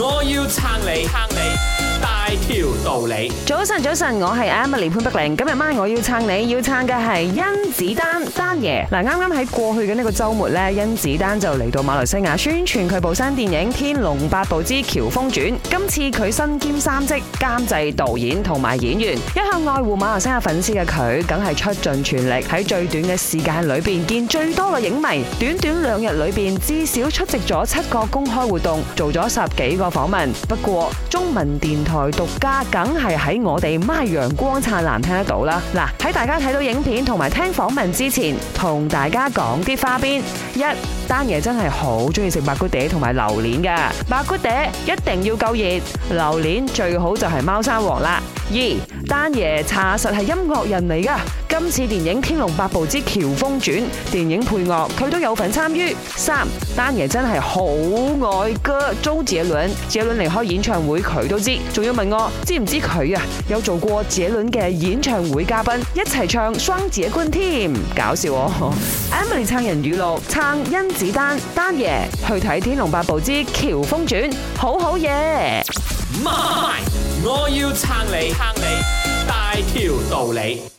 我要撐你，撐你大條道理。早晨，早晨，我係 Emily 潘碧玲。今日晚我要撐你，要撐嘅係甄子丹，丹爺。嗱，啱啱喺過去嘅呢個週末呢，甄子丹就嚟到馬來西亞宣傳佢部新電影《天龍八部之喬峯傳》。今次佢身兼三職，監製、導演同埋演員。一向愛護馬來西亞粉絲嘅佢，梗係出盡全力喺最短嘅時間裏邊見最多嘅影迷。短短兩日裏邊，至少出席咗七個公開活動，做咗十幾個。訪問不過中文電台獨家，梗係喺我哋麥陽光燦爛聽得到啦。嗱，喺大家睇到影片同埋聽訪問之前，同大家講啲花邊：一，丹爺真係好中意食白骨嗲同埋榴蓮噶，白骨嗲一定要夠熱，榴蓮最好就係貓山王啦。二，丹爺查實係音樂人嚟噶。今次電影《天龍八部之喬峰傳》電影配樂佢都有份參與。三，丹爺真係好愛歌，周杰倫，杰倫離開演唱會佢都知，仲要問我知唔知佢啊？有做過杰倫嘅演唱會嘉賓，一齊唱雙截棍添，搞笑喎。 Emily 撐人語錄，撐甄子丹，丹爺去睇《天龍八部之喬峰傳》，好好嘢。我要撐你，撐你大條道理。